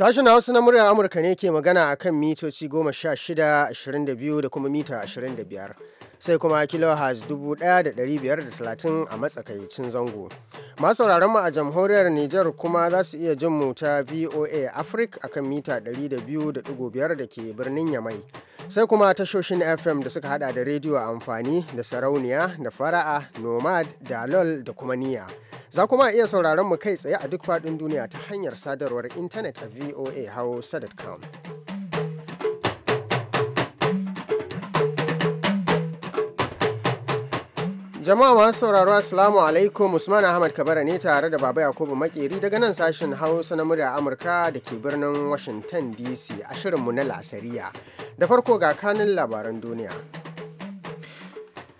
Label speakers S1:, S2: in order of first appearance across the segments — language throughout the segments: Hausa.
S1: Sashen Hausa na murya Amurka ne ke magana a kan mitoci 16, 22 da kuma mita 25. sai kuma kilohertz 1530 a matsakaicin zango. Masu mu a jamhuriyar Nijar kuma za su iya jin mu ta VOA Africa akan mita 200.5 da ke birnin Yamai. Sai kuma tashoshin FM da suka hada da rediyo amfani da sarauniya da fara'a nomad da lol da kuma niya. Za kuma iya sauraron mu kai tsaye a duk faɗin duniya ta hanyar sadarwar intanet a voa hausa.com. Jama'a masu sauraro Assalamu alaikum Usman Ahmad Kabara ne tare da Baba Yakubu Makeri daga nan sashen Hausa na murya Amurka da ke birnin Washington DC a shirinmu na Lasariya. Da farko ga kanin labaran duniya.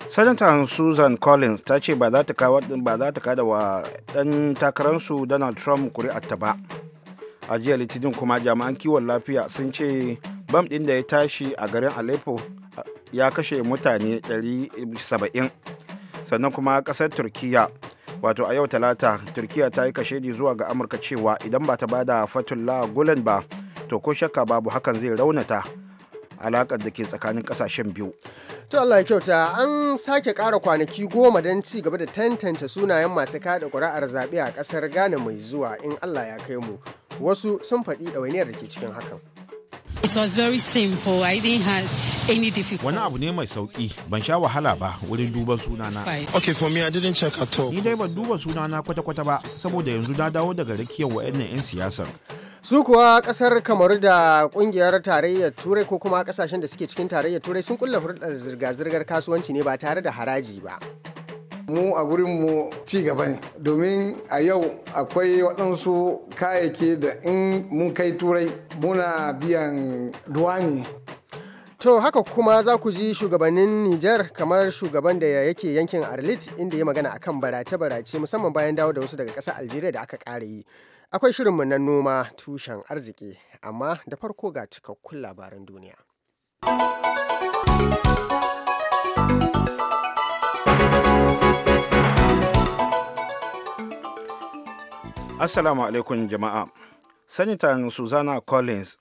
S2: Sanata Susan Collins ta ce ba za ta kada wa ɗan takararsu Donald Trump kuri'arta ba. A jiya Litinin kuma jama'an kiwon lafiya sun ce bam ɗin da ya tashi a garin Aleppo ya kashe mutane 170. sannan kuma kasar turkiya wato a yau talata turkiya ta yi kashedi zuwa ga amurka cewa idan ba ta ba da fatullah gulen ba to ko shakka babu hakan zai raunata
S1: alakar da ke tsakanin ƙasashen biyu. To Allah ya kyauta an sake ƙara kwanaki goma don ci gaba da tantance sunayen masu kada ƙuri'ar zaɓe a ƙasar Ghana mai zuwa in Allah ya kai mu. Wasu sun faɗi ɗawainiyar da ke cikin hakan. It very
S2: simple. I didn't have Wani abu ne mai sauki, ban sha wahala ba wurin duban sunana. Okay, for me I didn't check at all. Ni dai ban duba sunana kwata-kwata ba saboda yanzu na dawo daga rakiyar wa'annan 'yan siyasar.
S1: Su kuwa kasar kamar da kungiyar tarayyar Turai ko kuma kasashen da suke cikin tarayyar Turai sun kulla hurdar zirga-zirgar kasuwanci ne ba tare da haraji ba.
S3: mu a mu ci gaba ne domin a yau akwai waɗansu kayayyaki da in mun kai turai muna biyan duwani
S1: To haka kuma za ku ji shugabannin Nijar kamar shugaban da yake yankin Arlit inda ya magana akan barace-barace musamman bayan dawo da wasu daga ƙasar Algeria da aka ƙare yi. Akwai shirin mu na noma tushen arziki, amma da farko ga cikakkun labaran duniya.
S2: Assalamu alaikum jama'a. sanita Susanna Collins,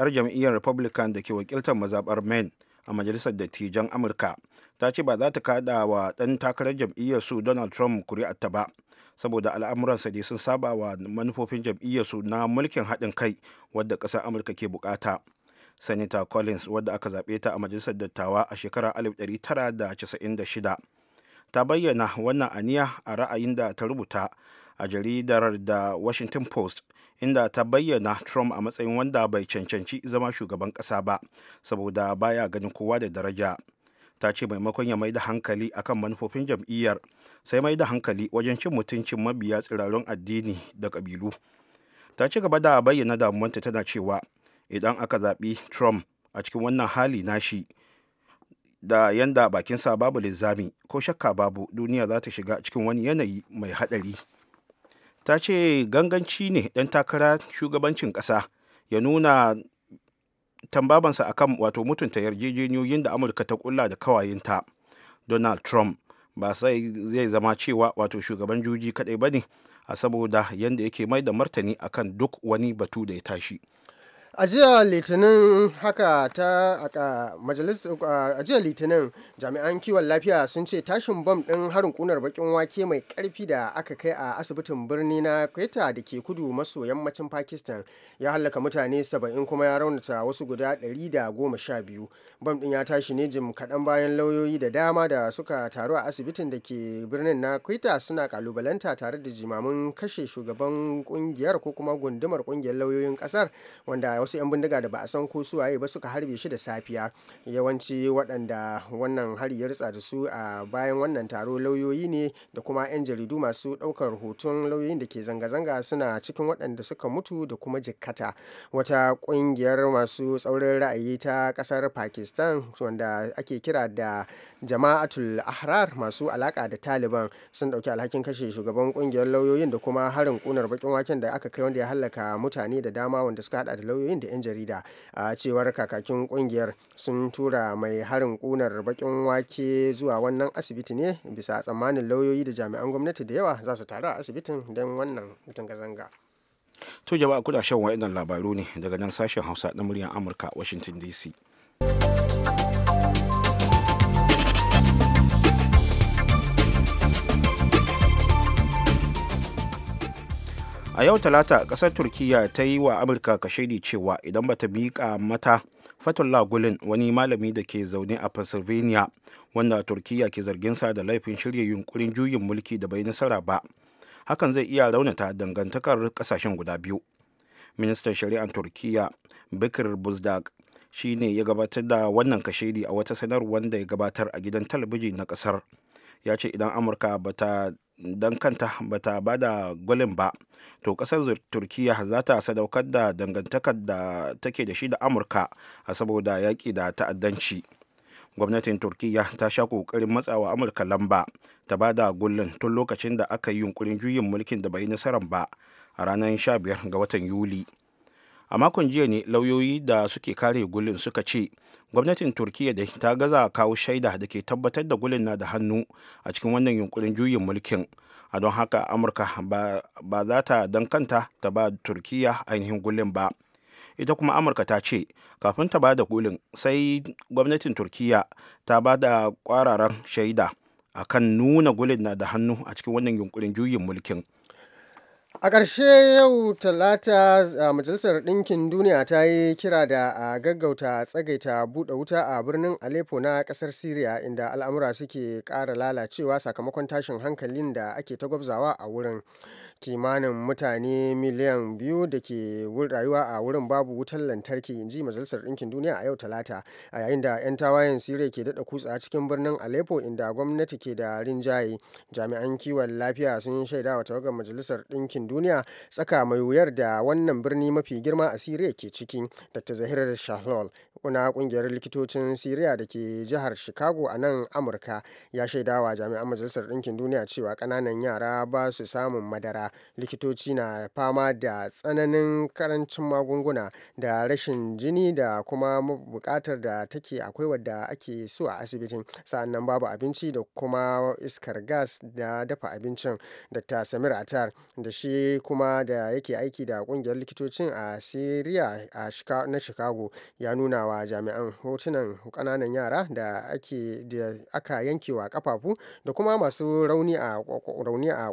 S2: 'yar jam'iyyar Republican da ke wakiltar mazabar Maine a Majalisar Dattijan Amurka, ta ce ba za ta kada wa ɗan takarar jam'iyyar su Donald Trump ta ba, saboda al'amuransa dai sun saba wa manufofin jam'iyyar su na mulkin haɗin kai wadda ƙasar Amurka ke bukata. sanita Collins, wadda aka zaɓe ta a Majalisar Dattawa a shekarar 1996, ta bayyana wannan aniya a ra'ayin da ta rubuta a jaridar da washington post inda ta bayyana trump a matsayin wanda bai cancanci zama shugaban kasa ba saboda baya ganin kowa da daraja ta ce maimakon ya mai da hankali akan manufofin jam'iyyar sai mai da hankali wajen cin mutuncin mabiya tsirarun addini da ƙabilu ta ci gaba da bayyana damuwanta tana cewa idan aka zaɓi trump a cikin wannan hali nashi da yanda bakinsa babu linzami ko shakka babu duniya za ta shiga cikin wani yanayi mai haɗari ta ce ganganci ne ɗan takara shugabancin ƙasa ya nuna tambabansa akan wato mutunta yarjejeniyoyin da amurka ta kulla da kawayenta donald trump ba sai zai zama cewa wato shugaban juji kadai ba ne a saboda yadda yake mai da martani akan duk wani batu da ya tashi
S1: a jiya litinin haka ta a a jiya litinin jami'an kiwon lafiya sun ce tashin bom din harin kunar bakin wake mai karfi da aka kai a asibitin birni na kweta da ke kudu maso yammacin pakistan ya hallaka mutane 70 kuma ya raunata wasu guda 112 bom din ya tashi ne jim kaɗan bayan lauyoyi da dama da suka taru a asibitin da ke birnin na kweta suna kalubalanta tare da jimamin kashe shugaban kungiyar ko kuma gundumar kungiyar lauyoyin ƙasar wanda wasu 'yan bindiga da ba a san ko suwaye ba suka harbe shi da safiya yawanci waɗanda wannan hari ya ritsa da su a bayan wannan taro lauyoyi ne da kuma 'yan jaridu masu ɗaukar hoton lauyoyin da ke zanga-zanga suna cikin waɗanda suka mutu da kuma jikkata wata ƙungiyar masu tsaurin ra'ayi ta kasar pakistan wanda ake kira da jama'atul ahrar masu alaƙa da taliban sun ɗauki alhakin kashe shugaban ƙungiyar lauyoyin da kuma harin ƙunar baƙin waken da aka kai wanda ya halaka mutane da dama wanda suka haɗa da lauyoyin jami'in da 'yan jarida a cewar kakakin kungiyar sun tura mai harin kunar bakin wake zuwa wannan asibiti ne bisa tsammanin lauyoyi da jami'an gwamnati da yawa za su taru a asibitin don wannan zanga-zanga
S2: to jama'a kudashen waɗannan wa'idan labaru ne daga nan sashen hausa na muryar amurka washington dc a yau talata kasar turkiya ta yi wa amurka kashedi cewa idan bata miƙa mata fatullah gulin wani malami da ke zaune a pennsylvania wanda turkiya ke zargin sa da laifin shirya yunkurin juyin mulki da bai nasara ba hakan zai iya raunata dangantakar kasashen guda biyu ministan shari'ar turkiya bikir buzdag shi ne ya gabatar da wannan kashedi a wata sanarwar da ya gabatar a gidan talabijin na kasar ya ce idan amurka bata don kanta ba ta ba da gulin ba to kasar turkiya za ta sadaukar da dangantakar da take da shi da amurka a saboda yaƙi da ta'addanci gwamnatin turkiya ta sha ƙoƙarin matsawa amurka lamba ta ba da gullin tun lokacin da aka yi yunkurin juyin mulkin da bai nasarar ba a ranar 15 ga watan yuli a makon jiya ne lauyoyi da suke kare gulin suka ce gwamnatin turkiyya da ta gaza kawo shaida da ke tabbatar da gulin na da hannu a cikin wannan yunkurin juyin mulkin a don haka amurka ba za ta dan kanta ta ba turkiyya ainihin gulin ba ita kuma amurka ta ce kafin ta ba da gulin sai gwamnatin turkiyya ta ba da kwararan shaida akan nuna gulin na da hannu a cikin wannan yunkurin juyin mulkin
S1: a ƙarshe yau talata majalisar ɗinkin duniya ta yi kira da a gaggauta tsagaita buɗe wuta a birnin aleppo na ƙasar syria inda al'amura suke ƙara lalacewa sakamakon tashin hankalin da ake ta gwabzawa a wurin kimanin mutane miliyan biyu da ke rayuwa a wurin babu wutar lantarki inji majalisar ɗinkin duniya a yau talata a yayin da 'yan tawayen syria ke daɗa kutsa cikin birnin aleppo inda gwamnati ke da rinjaye jami'an kiwon lafiya sun shaidawa tawagar majalisar ɗinkin duniya tsaka mai wuyar da wannan birni mafi girma a siriya ke ciki dr zahirar shahlol kuna kungiyar likitocin siriya da ke jihar chicago a nan amurka ya shaidawa jami'an majalisar ɗinkin duniya cewa ƙananan yara ba su samun madara likitoci na fama da tsananin karancin magunguna da rashin jini da kuma buƙatar da take akwai wadda ake so a asibitin sa'annan babu abinci da kuma iskar gas da dafa abincin dr samir atar da shi kuma da yake aiki da ƙungiyar likitocin a siriya na chicago ya nuna wa jami'an hotunan kananan yara da aka yankewa kafafu da kuma masu rauni a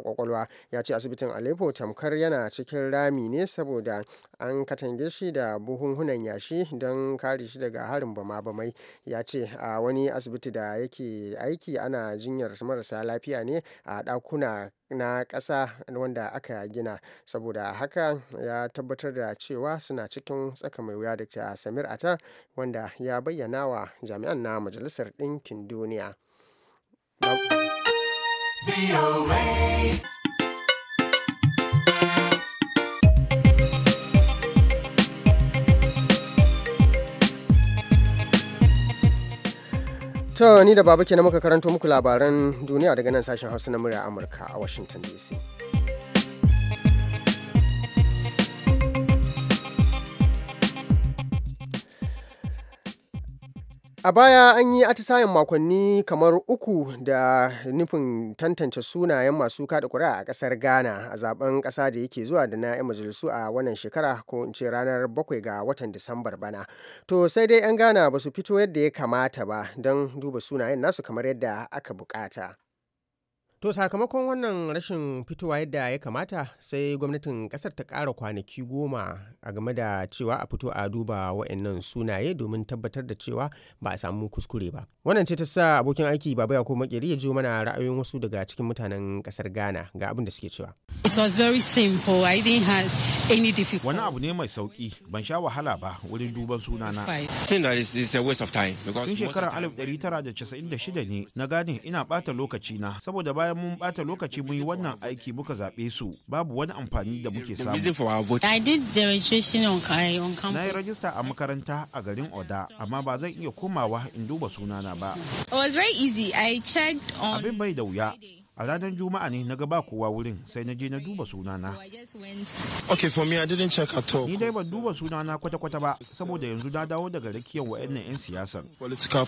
S1: kwakwalwa ya ce asibitin aleppo tamkar yana cikin rami ne saboda an katange shi da buhunhunan yashi don kare shi daga harin bama-bamai ya ce a wani asibiti da yake aiki ana jinyar marasa lafiya ne a ɗakuna na ƙasa wanda aka gina saboda haka ya tabbatar da cewa suna cikin tsaka mai wuya da samir atar wanda ya bayyana wa jami'an na majalisar ɗinkin duniya To ni da baba ke na muka karanto muku labaran duniya daga nan sashen Hausa na murya Amurka a Washington DC. A baya an yi atisayen makonni kamar uku da nufin tantance sunayen masu kada kuri'a a ƙasar Ghana a zaben ƙasa da yake zuwa da na 'yan majalisu a wannan shekara ko in ce ranar bakwai ga watan Disambar bana. To sai dai 'yan Ghana ba su fito yadda ya kamata ba don duba sunayen nasu kamar yadda aka bukata. To sakamakon wannan rashin fitowa yadda ya kamata sai gwamnatin kasar ta kara kwanaki goma a game da cewa a fito a duba wa'annan sunaye domin tabbatar da cewa ba a samu kuskure ba. Wannan ce ta sa abokin aiki Baba ko Makeri ya jiyo mana ra'ayoyin wasu daga cikin mutanen kasar Ghana ga abin da suke cewa.
S4: It very simple. I didn't have
S1: Wani abu ne mai sauki, ban sha wahala ba wurin duban sunana. Think that is
S2: a waste of time because Tun shekarar 1996 ne na gane ina bata lokaci na saboda baya bayan mun bata lokaci mun yi wannan aiki muka zaɓe su babu wani amfani da muke samu. Na yi rajista a makaranta a garin Oda amma ba zan iya komawa in duba sunana ba. Abin bai da wuya. a ranar juma'a ne na ba kowa wurin sai na je na duba sunana ni dai ban duba sunana kwata kwata ba saboda yanzu na dawo daga rakiyar wa'annan yan siyasar political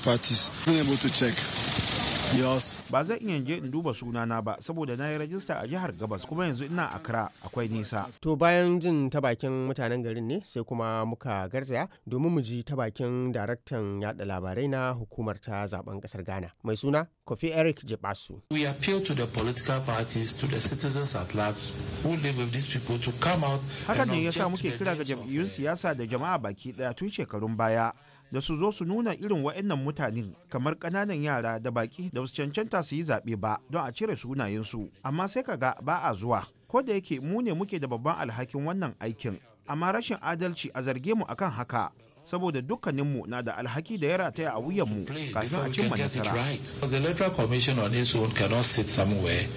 S2: ba zai iya je in
S1: duba sunana ba saboda na yi rajista a jihar gabas kuma yanzu ina accra akwai nisa to bayan jin ta bakin mutanen garin ne sai kuma muka garzaya domin mu ji ta bakin daraktan yada labarai na hukumar ta zaben kasar ghana mai suna kofi eric jebasu we
S2: appeal to the political parties to the citizens at large who live with these people to come out hakan ne yasa muke kira ga jam'iyyun siyasa da jama'a baki daya tun shekarun baya da su zo su nuna irin wa'annan mutanen kamar ƙananan yara da baki da su cancanta su yi zaɓe ba don a cire sunayensu amma sai kaga ba a zuwa ko da yake mu ne muke da babban alhakin wannan aikin amma rashin adalci a zarge mu akan haka saboda dukkaninmu na da alhaki da ya rataya a wuyanmu kafin a cimma nasara.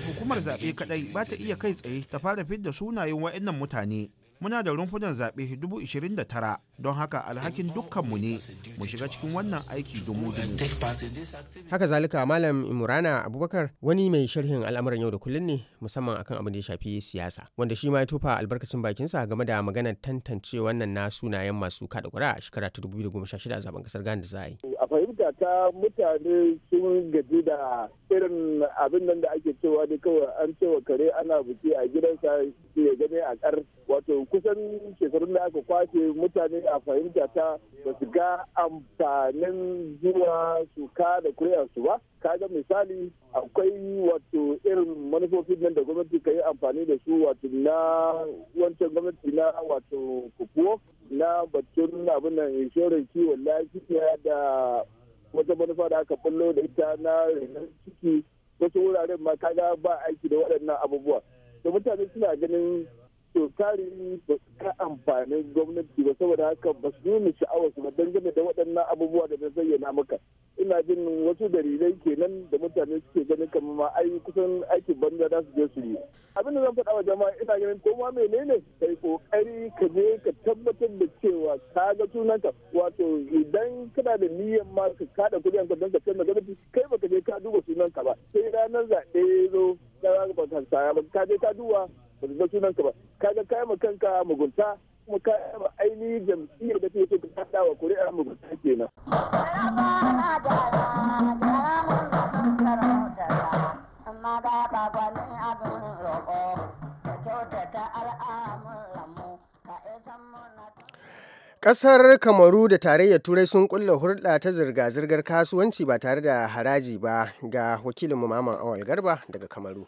S2: Hukumar zaɓe kaɗai ba ta iya kai tsaye ta fara fidda sunayen wa'annan mutane muna da rumfunan zaɓe 29 don haka alhakin dukkanmu ne mu shiga cikin wannan aiki dumu
S1: Haka zalika Malam imurana Abubakar wani mai sharhin al'amuran yau da kullun ne musamman akan abin da ya shafi siyasa wanda shi ma ya tufa albarkacin bakinsa game da maganar tantance wannan na sunayen masu kada ƙuri'a a shekara ta 2016 a zaben kasar Ghana
S3: da za a yi.
S5: a fahimta ta mutane sun gaji da irin abin nan da ake cewa da kawai an cewa kare ana buki a gidansa ya gane a kar wato kusan shekarun da aka kwashe mutane a fahimta ta ba su ga amfanin zuwa su ka da kuriyarsu ba kaga misali akwai wato irin manufofin nan da gwamnati ka yi amfani da su wato na wancan gwamnati na wato na batun abin nan inshorar kiwon lafiya da wata manufa da aka bullo da ita na renon ciki wasu wuraren ma kaga ba aiki da waɗannan abubuwa da mutane suna ganin so tari ba su ka amfanin gwamnati ba saboda haka ba su nuna sha'awar su ba dangane da waɗannan abubuwa da na zayyana maka ina jin wasu dalilai kenan da mutane suke ganin kamar ma ai kusan aikin banza za su je su yi abin da zan faɗa wa jama'a ina ganin ko ma menene kai kokari ka je ka tabbatar da cewa ka ga sunanka wato idan kana da niyyar ma ka kada kuɗin ka don ka canza gwamnati kai baka je ka duba sunanka ba sai ranar zaɓe zo ka ba ka saya ba ka je ka duba ka ga sunanka ba kaga kai ma kanka mugunta kuma ka ma ainihin jam'iyyar da take ta hada wa kuri'a mugunta kenan
S1: Ƙasar Kamaru da Tarayyar Turai sun kulla hurɗa ta zirga-zirgar kasuwanci ba tare da haraji ba ga wakilin Maman Awal Garba daga Kamaru.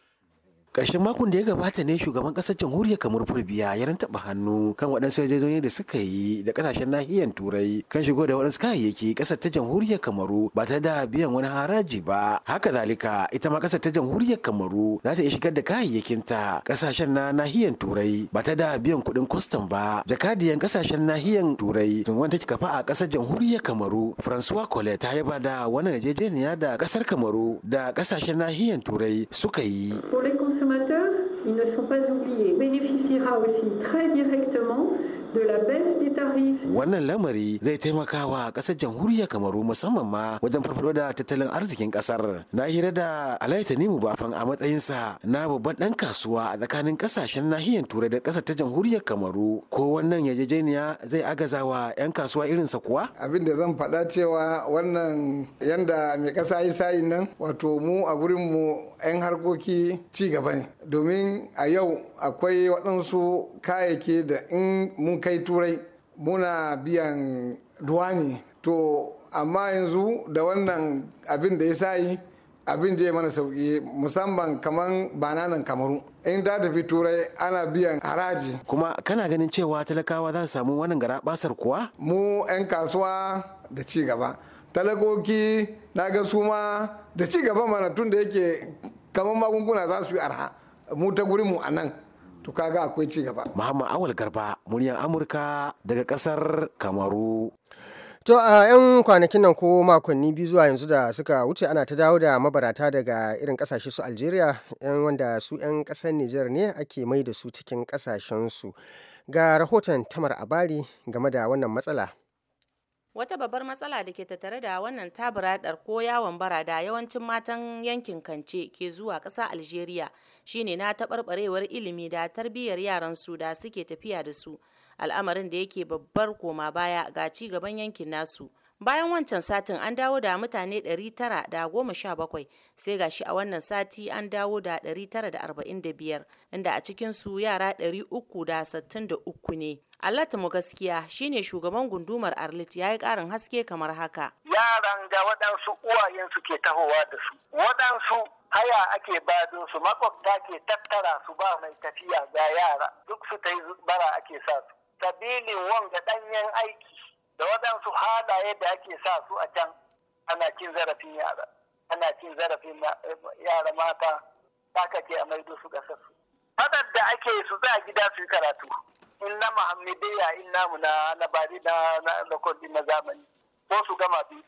S3: ƙarshen makon da ya gabata ne shugaban ƙasar jamhuriyar kamar fulbiya ya rantaba hannu kan waɗansu yarjejeniyoyi da suka yi da ƙasashen nahiyar turai kan shigo da waɗansu kayayyaki ƙasar ta jamhuriyar kamaru ba ta da biyan wani haraji ba haka zalika ita ma ƙasar ta jamhuriyar kamaru za ta iya shigar da kayayyakinta ƙasashen na nahiyar turai ba ta da biyan kuɗin kwastam ba jakadiyan ƙasashen nahiyar turai ta take kafa a ƙasar jamhuriyar kamaru francois kole ta yaba da wannan yarjejeniya da ƙasar kamaru da ƙasashen nahiyar turai suka yi.
S6: consommateurs, ils ne sont pas oubliés, bénéficiera aussi très directement
S3: Wannan lamari zai taimaka wa ƙasar jamhuriyar Kamaru musamman ma wajen farfado da tattalin arzikin ƙasar. Na hira da Alayi Bafan a matsayinsa na babban ɗan kasuwa a tsakanin ƙasashen nahiyar Turai da ƙasar ta jamhuriyar Kamaru. Ko wannan yarjejeniya zai agaza wa 'yan kasuwa irinsa kuwa? Abin da zan faɗa cewa wannan yanda mai ƙasa yi sa'in nan wato mu a gurinmu 'yan harkoki ci gaba ne. Domin a yau akwai waɗansu kayayyaki da in mun kai turai muna biyan duwani to amma yanzu da wannan abin da ya sayi abin je mana sauki musamman kamar bananan kamaru in da tafi turai ana biyan haraji kuma kana ganin cewa talakawa za su samu wannan gara kuwa mu 'yan kasuwa da ci gaba talakoki na ga su ma da ci gaba mana tun da yake kamar magunguna za su yi arha mu ta gurinmu a nan to kaga akwai ci gaba muhammad awal garba muryar amurka daga kasar kamaru To a 'yan kwanakin
S1: nan ko makonni biyu zuwa yanzu da suka wuce ana ta dawo da mabarata daga irin kasashe su Algeria 'yan wanda su 'yan kasar niger ne ake mai da su cikin kasashen su Ga rahoton Tamar Abari game da wannan matsala.
S4: wata babbar matsala da ke tattare da wannan tabaradar ko yawon bara da yawancin matan yankin kance ke zuwa ƙasa algeria shine na taɓarɓarewar ilimi da tarbiyyar yaran su da suke tafiya da su al'amarin da yake babbar koma baya ga ci gaban yankin nasu bayan wancan satin an dawo da mutane 917 sai gashi a wannan sati an dawo da 945 inda a su yara 363 ne allata mu gaskiya shine shugaban gundumar arlit ya yi karin haske kamar haka
S7: yaran da waɗansu uwayen suke tahowa da su waɗansu haya ake bazin su makwabta ke tattara su ba mai tafiya ga yara duk su ta yi bara ake sa su sabilin wanga ɗanyen aiki da waɗansu halaye da ake sa su a can ana cin zarafin yara ana cin zarafin eh, yara mata haka ke a maido su ƙasar su fadar da ake su za a gida su yi karatu in na muhammadiyya in namu na labari na lakwardi na zamani ko su gama biyu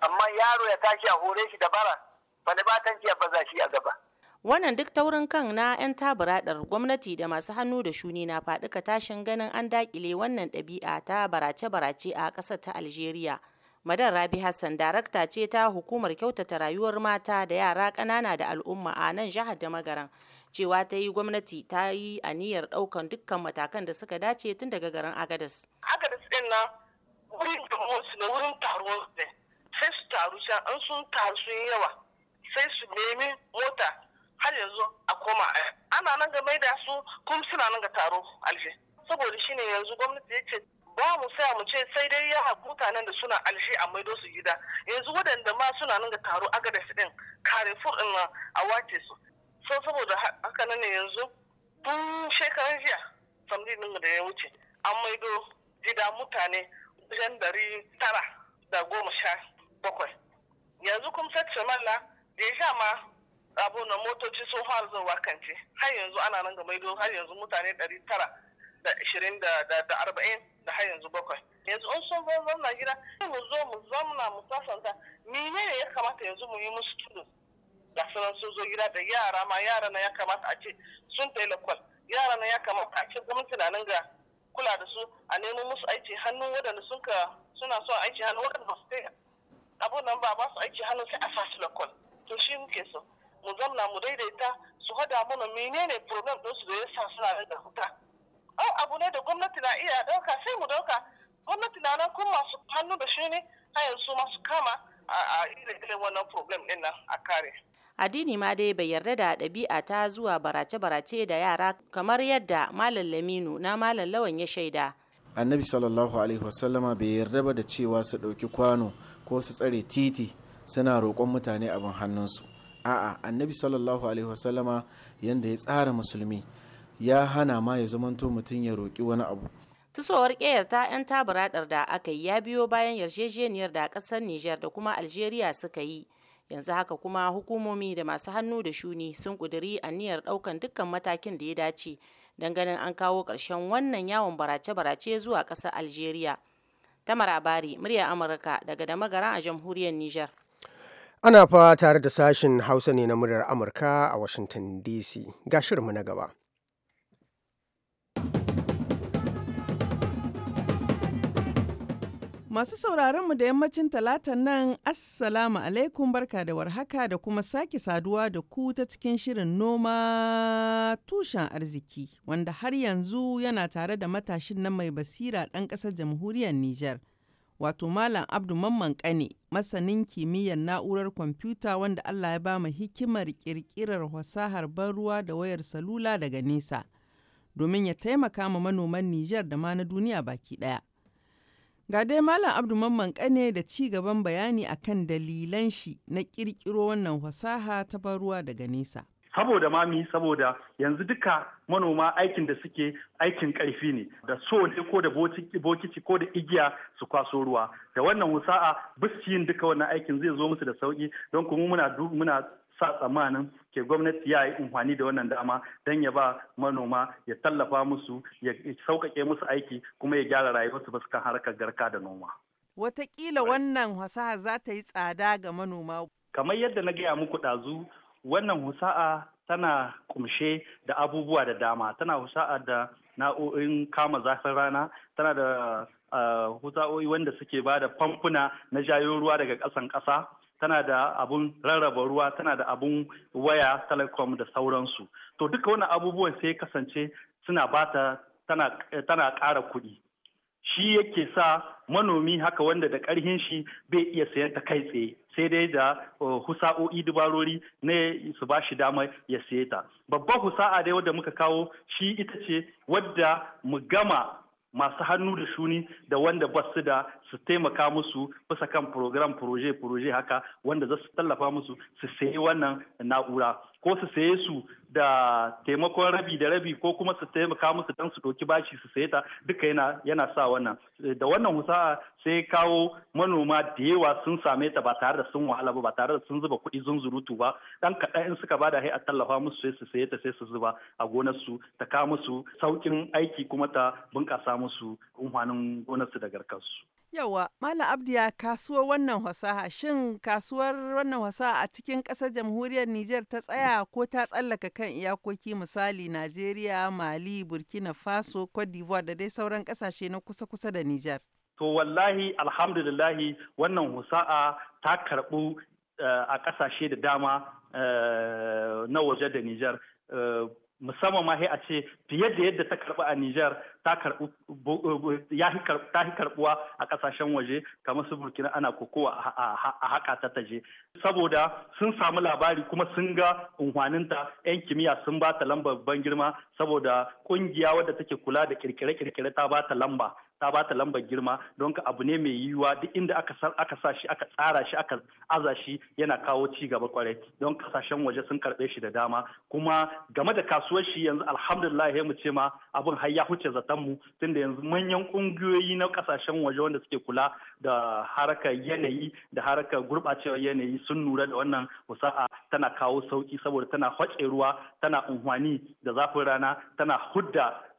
S7: amma yaro ya tashi a hore shi da bara fanibatanci ya baza shi a gaba
S4: wannan duk taurin kan na 'yan taburaɗar gwamnati da masu hannu da shuni na faɗuka tashin ganin an daƙile wannan ɗabi'a ta barace-barace a ƙasar ta algeria Madan Rabi Hassan darakta ce ta hukumar kyautata rayuwar mata da yara ƙanana da al'umma a nan jihar da magaran. Cewa ta yi gwamnati ta yi aniyar ɗaukan dukkan matakan da suka dace tun daga garin Agadas.
S7: Agadas ɗin na wurin da na wurin taruwar sai su taru an sun taru sun yawa sai su nemi mota har yanzu a koma ana nan ga maida su kuma suna nan ga taro alfi saboda shine yanzu gwamnati ya ce ba mu sa mu ce sai dai ya mutanen da suna alfe a maido su gida yanzu waɗanda ma suna nan ga taro su din kare fur din uh, a wace su so saboda haka nan yanzu tun shekaran jiya samdi din da ya wuce an maido gida mutane jan dari tara da goma sha bakwai yanzu kuma sai malla deja ma abu na motoci sun fara zuwa kanti har yanzu ana nan ga maido har yanzu mutane ɗari tara da ishirin da arba'in da har yanzu bakwai yanzu in sun zo zauna gida mu zo mu zamna mu sasanta menene ya kamata yanzu mu yi musu tudu da sunan sun zo gida da yara ma yara na ya kamata a ce sun ta lakwal yara na ya kamata a ce gwamnati na nan ga kula da su a nemo musu aiki hannu waɗanda sun ka suna son aiki hannu waɗanda su abu nan ba ba su aiki hannu sai a sasu su lakwal to shi muke so mu zanna, mu daidaita su hada mana menene problem ɗinsu da yasa suna da huta a abu ne da gwamnati na iya ɗauka sai mu ɗauka gwamnati na nan kuma su hannu da shi ne hayan su masu kama a irin wannan problem ɗin nan a
S4: kare. addini ma dai bai yarda da ɗabi'a ta zuwa barace-barace da yara kamar yadda malam laminu na malam lawan ya shaida
S3: annabi sallallahu alaihi wasallama bai yarda ba da cewa su ɗauki kwano ko su tsare titi suna roƙon mutane abin hannunsu a'a annabi sallallahu alaihi wasallama yadda ya tsara musulmi ya hana ma ya zamanto mutum ya roƙi wani abu
S4: tusowar ƙeyar ta 'yan taburadar da aka yi ya biyo bayan yarjejeniyar da ƙasar niger da kuma algeria suka yi yanzu haka kuma hukumomi da masu hannu da shuni sun ƙudiri aniyar ɗaukan dukkan matakin da ya dace don ganin an kawo ƙarshen wannan yawon barace-barace zuwa ƙasar algeria tamar abari murya amurka daga da magara a jamhuriyar niger
S1: Ana fa tare da sashin Hausa ne na muryar Amurka a Washington DC. Ga shirinmu na gaba.
S6: Masu sauraron mu da yammacin talatan nan Assalamu alaikum barka da warhaka da kuma sake saduwa da ku ta cikin shirin noma tushen arziki wanda har yanzu yana tare da matashin nan mai basira ɗan ƙasar jamhuriyar Nijar. wato Malam Abdu Mamman Kane, masanin kimiyyar na'urar kwamfuta wanda Allah ya ba hikimar ƙirƙirar fasahar ban ruwa da wayar salula daga nesa, domin ya taimaka ma manoman Nijar da ma na duniya baki ɗaya. Ga dai Malam Abdu Mamman Kane da ci gaban bayani akan dalilan shi na ƙirƙiro wannan fasaha ta ban ruwa daga nesa.
S8: saboda mami saboda yanzu duka manoma aikin da suke aikin karfi ne da so ne ko da bokici ko da igiya su kwaso ruwa da wannan wusa'a yin duka wannan aikin zai zo musu da sauki don kuma muna muna sa tsammanin ke gwamnati ya yi amfani da wannan dama don ya ba manoma ya tallafa musu ya sauƙaƙe musu aiki kuma ya gyara rayuwarsu ba su kan harkar garka da noma.
S6: Wataƙila wannan fasaha za ta yi tsada ga manoma. Kamar yadda na gaya muku ɗazu wannan husa'a
S8: tana kumshe da abubuwa da dama tana husa'a da na'o'in kama zafin rana tana da husa'o'i wanda suke ba da famfuna na jayo ruwa daga ƙasan ƙasa tana da abun rarraba ruwa tana da abun waya telecom da sauransu to duka wannan abubuwan sai kasance suna bata tana ƙara kuɗi shi yake sa manomi haka wanda da ƙarhin shi bai iya sayan ta kai tsaye sai dai da eh, husa'o'i dubarori ne su ba shi damar ya saye ta babban husa'a dai wadda muka kawo shi ita ce wadda mu gama masu hannu da shuni da wanda ba su da su taimaka musu bisa kan program proje proje haka wanda za su tallafa musu su sayi wannan na'ura ko su saye su da taimakon rabi da rabi ko kuma su taimaka musu dan su doki bashi su sayi ta duka yana yana sa wannan da wannan husa'a sai kawo manoma da yawa sun same ta ba tare da sun wahala ba ba tare da sun zuba kuɗi zunzurutu ba dan kaɗan in suka bada hai tallafa musu sai su sayi ta sai su zuba a gonar su ta kawo musu saukin aiki kuma ta bunƙasa musu umhanin gonar su da garkarsu.
S6: Yawa, Malam abdi ya kasuwar wannan fasaha shin kasuwar wannan fasaha a cikin ƙasar jamhuriyar Nijar ta tsaya ko ta tsallaka kan iyakoki misali Najeriya, Mali, Burkina Faso, Cote d'Ivoire da dai sauran ƙasashe na kusa-kusa da Nijar.
S8: To wallahi alhamdulillahi wannan husa'a ta karɓu eh, a ƙasashe da dama eh, na waje da Nijar. Eh, musamman ma a ce fiye da yadda ta karɓi a Nijar ta yi eh, karɓuwa a kasashen waje kamar su Burkina ana kokowa a haka ta taje saboda sun samu labari kuma sun ga unhwaninta 'yan kimiyya sun ba ta lambar ban girma saboda ƙungiya wadda take kula da kirkire-kirkire ta ba ta lamba ta ba ta lambar girma don ka abu ne mai yiwuwa duk inda aka sa shi aka tsara shi aka aza shi yana kawo ci gaba kwarai don kasashen waje sun karɓe shi da dama kuma game da kasuwar shi yanzu alhamdulillah mu ce ma abun har ya huce zaton mu tunda yanzu manyan ƙungiyoyi na kasashen waje wanda suke kula da harakar yanayi da harakar gurɓacewar yanayi sun nura da wannan fasaha tana kawo sauki saboda tana hace ruwa tana unhwani da zafin rana tana hudda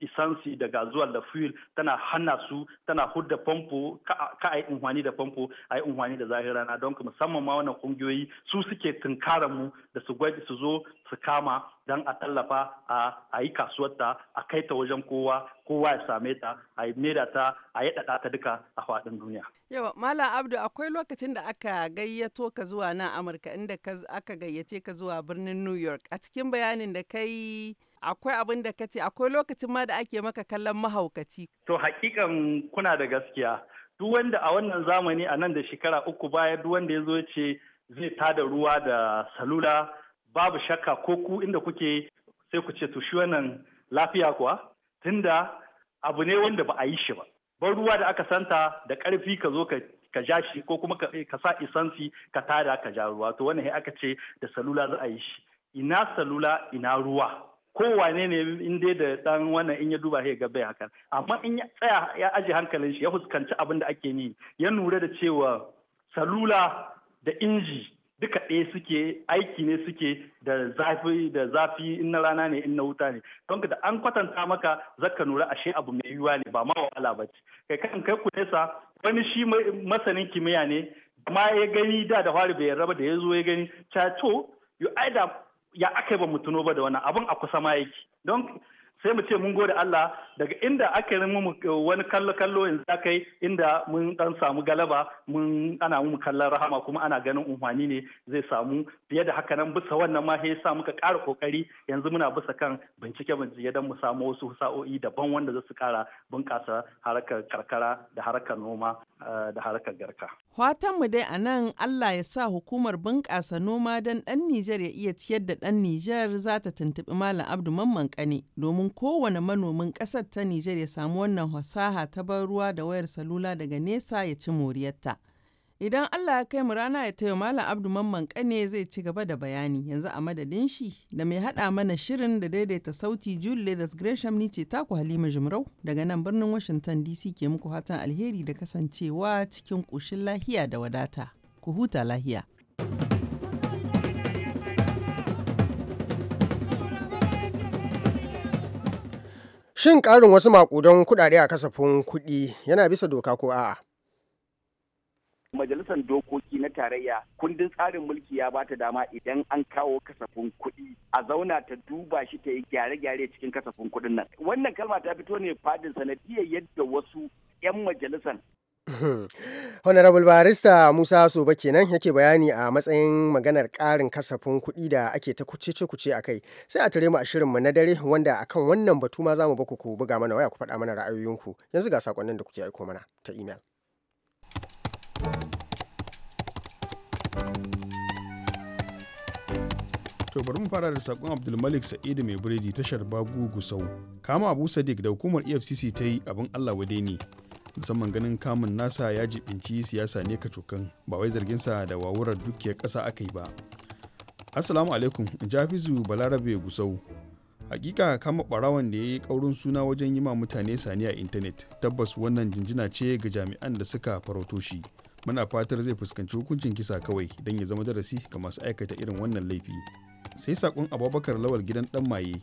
S8: isansi eh, da zuwa da fuel tana hana su tana hudda famfo ka a yi unhwani da famfo a yi unhwani da zahir rana don musamman ma wannan kungiyoyi su suke tunkarar mu da su gwaji su zo su kama don a tallafa a yi kasuwarta a kai ta wajen kowa kowa ya same ta a yi meda ta a yi yaɗaɗa ta duka a faɗin duniya.
S6: Yawa Malam Abdu akwai lokacin da aka gayyato ka zuwa nan Amurka inda aka gayyace ka zuwa birnin New York a cikin bayanin da kai akwai abin da kace akwai lokacin ma da ake maka kallon mahaukaci
S8: to hakikan kuna da gaskiya duk wanda a wannan zamani a nan da shekara uku baya duk wanda ya zo ce zai tada ruwa da salula babu shakka ko ku inda kuke sai ku ce to shi wannan lafiya kuwa tunda abu ne wanda ba a yi shi ba ban ruwa da aka santa da karfi ka zo ka ja shi ko kuma ka sa isansi ka tada ka ja ruwa to wannan aka ce da salula za a yi shi ina salula ina ruwa kowane ne in dai da dan wannan in ya duba sai ga bai hakan amma in ya tsaya ya aje hankalin shi ya fuskanci abin da ake ni ya nura da cewa salula da inji duka ɗaya suke aiki ne suke da zafi da zafi in na rana ne in na wuta ne don da an kwatanta maka zaka nura ashe abu mai yiwuwa ne ba ma wahala ba ce kai kan kai ku nesa wani shi masanin kimiyya ne ma ya gani da da fari bai raba da ya zo ya gani cato you either ya aka yi ba mu ba da wani abun a kusa ma yake don sai mu ce mun gode Allah daga inda aka yi mu wani kallo kallo yanzu aka yi inda mun dan samu galaba mun ana mu kallon rahama kuma ana ganin umfani ne zai samu fiye da haka nan bisa wannan ma sa muka ƙara kokari yanzu muna bisa kan bincike bincike don mu samu wasu sa'o'i daban wanda za su ƙara bunƙasa harkar karkara da harkar noma eh, da harkar garka.
S6: Fatanmu dai a nan Allah ya sa hukumar bunƙasa noma don ɗan Nijar ya iya ciyar da ɗan Nijar za ta tuntuɓi Malam Abdu Mamman Kane domin kowane manomin ƙasar ta Nijar ya samu wannan fasaha ta ban ruwa da wayar salula daga nesa ya ci moriyarta. Idan Allah ya kai mu rana ya tayo Malam Abdu Mamman Kane zai ci gaba da bayani yanzu a madadin shi da mai hada mana shirin da daidaita sauti Julie Leathers Gresham ni ce taku Halima Jumrau daga nan birnin Washington DC ke muku hatan alheri da kasancewa cikin ƙoshin lahiya da wadata. Ku huta lahiya. Shin ƙarin wasu
S1: maƙudan kuɗaɗe a kasafin kuɗi yana bisa doka ko a'a?
S8: majalisar dokoki na tarayya kundin tsarin mulki ya bata dama idan an kawo kasafin kuɗi a zauna ta duba shi ta yi gyare-gyare cikin kasafin kuɗin nan wannan kalma ta fito ne fadin sanadiyar yadda wasu 'yan majalisar
S1: Honorable Barista Musa Soba kenan yake bayani a matsayin maganar ƙarin kasafin kuɗi da ake ta kuce-kuce a kai. Sai a tare mu a mu na dare wanda akan wannan batu ma za mu ku buga mana waya ku faɗa mana ra'ayoyinku. Yanzu ga sakonnin da kuke aiko mana ta email. To
S9: bari mu fara da sakon Abdulmalik Sa'idu mai biredi tashar Bagu Gusau. Kama Abu Sadiq da hukumar EFCC ta yi abin Allah wa ne. Musamman ganin kamun nasa ya jibinci siyasa ne kacokan ba wai zarginsa da wawurar dukiyar ƙasa aka yi ba. Assalamu alaikum Jafizu Balarabe Gusau. Hakika kama barawan da ya yi ƙaurin suna wajen yi ma mutane sani a intanet tabbas wannan jinjina ce ga jami'an da suka farauto shi. muna fatar zai fuskanci hukuncin kisa kawai don ya zama darasi ga masu aikata irin wannan laifi sai sakon abubakar lawal gidan dan maye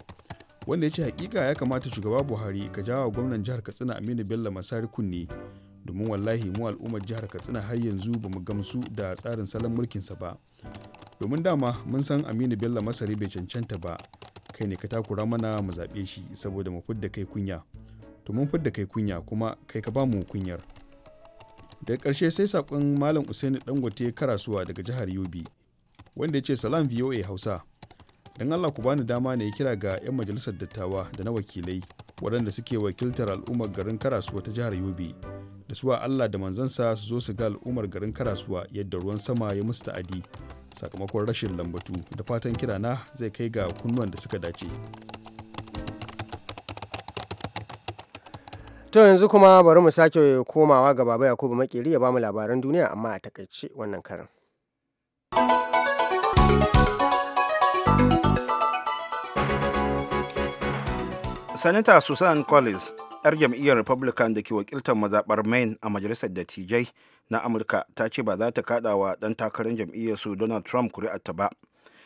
S9: wanda ya ce hakika ya kamata shugaba buhari ka jawo gwamnan jihar katsina aminu bello masari kunne domin wallahi mu al'ummar jihar katsina har yanzu ba mu gamsu da tsarin salon mulkinsa ba domin dama mun san aminu bello masari bai cancanta ba kai ne ka takura mana mu zaɓe shi saboda mu fidda kai kunya to mun fidda kai kunya kuma kai ka ba mu kunyar da karshe sai saƙon malam usaini dangote karasuwa daga jihar yobe wanda ya ce salam voa hausa don allah ku bani dama ne ya kira ga 'yan majalisar dattawa da na wakilai waɗanda suke wakiltar al'ummar garin karasuwa ta jihar yobe da suwa allah da manzansa su zo su ga al'ummar garin karasuwa yadda ruwan sama ya musu ta'adi sakamakon rashin lambatu da fatan kirana zai kai ga kunnuwan da suka dace
S1: To yanzu kuma bari mu sake komawa ga Baba Yakubu Makeri ya ba mu labaran duniya amma a takaice wannan karin. Sanata Susan Collins,
S2: 'yar jam'iyyar Republican da ke wakiltar mazaɓar Maine a Majalisar Dattijai na Amurka ta ce ba za ta kaɗa wa ɗan takarar jam'iyyarsu Donald Trump kuri'arta ba,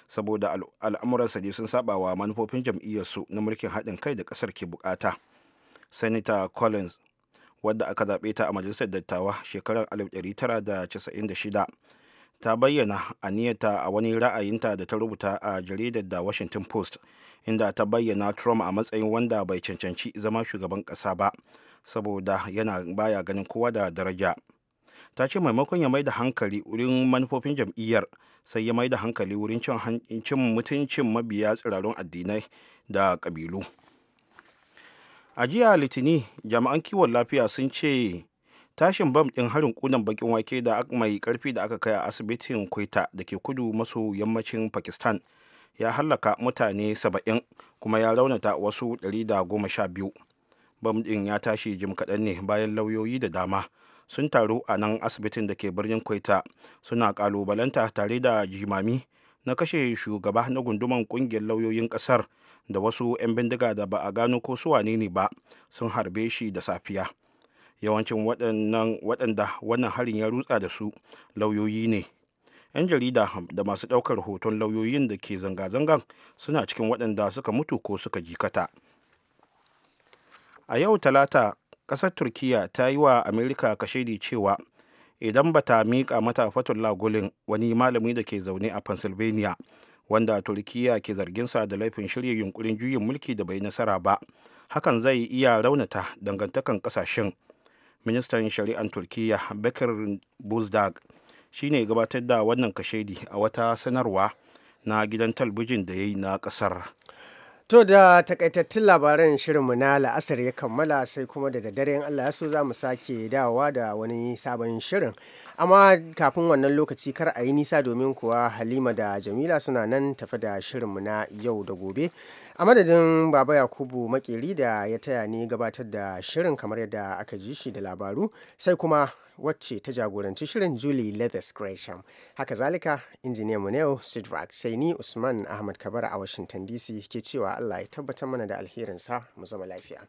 S2: saboda al'amuransa ne sun saba wa manufofin jam'iyyarsu na mulkin haɗin kai da ƙasar ke buƙata. senator collins wadda aka zaɓe ta a majalisar dattawa shekarar 1996 ta bayyana a niyyata a wani ra'ayinta da ta rubuta a jaridar da washington post inda ta bayyana trump a matsayin wanda bai cancanci zama shugaban ƙasa ba saboda yana baya ganin kowa da daraja ta ce maimakon ya mai da hankali wurin manufofin jam'iyyar sai ya mai da hankali wurin cin mutuncin mabiya tsirarun addinai da ƙabilu. a jiya litini jami'an kiwon lafiya sun ce tashin bam ɗin harin kunan bakin wake da mai karfi da aka kai a asibitin kwaita da ke kudu maso yammacin pakistan ya hallaka mutane 70 kuma ya raunata wasu 112 bam ɗin ya tashi jim kaɗan ne bayan lauyoyi da dama sun taru a nan asibitin da ke birnin kwaita suna kalubalanta tare da jimami na kashe shugaba na gunduman kungiyar lauyoyin ƙasar da wasu 'yan bindiga da ba a gano ko su wane ne ba sun harbe shi da safiya yawancin waɗanda wannan harin ya rutsa da su lauyoyi ne 'yan jarida da masu ɗaukar hoton lauyoyin da ke zanga-zangan suna cikin waɗanda suka mutu ko suka jikata a yau talata ƙasar turkiya ta yi wa amerika kashedi cewa idan ba ta miƙa mata fatullah gulin wani malami da ke zaune a pennsylvania wanda turkiya ke zarginsa da laifin shirya yunkurin juyin mulki da bai nasara ba hakan zai iya raunata dangantakan kasashen ministan shari'an turkiya bekir buzdag ne gabatar da wannan kashedi a wata sanarwa na gidan talbijin da ya yi na kasar
S1: To da takaitattun labaran shirinmu na la'asar ya kammala sai kuma da daddare Allah ya so za mu sake dawowa da wani sabon shirin. Amma kafin wannan lokaci kar a yi nisa domin kuwa Halima da Jamila suna nan tafe da shirinmu na yau da gobe. A madadin Baba Yakubu Makeri da ya taya ni gabatar da shirin kamar yadda aka ji shi da labaru sai kuma wacce ta jagoranci shirin Julie Leathers Gresham. Haka zalika, injiniya mu Neo Sidrak sai ni Usman Ahmad Kabara a Washington DC ke cewa Allah ya tabbatar mana da alherinsa mu zama lafiya.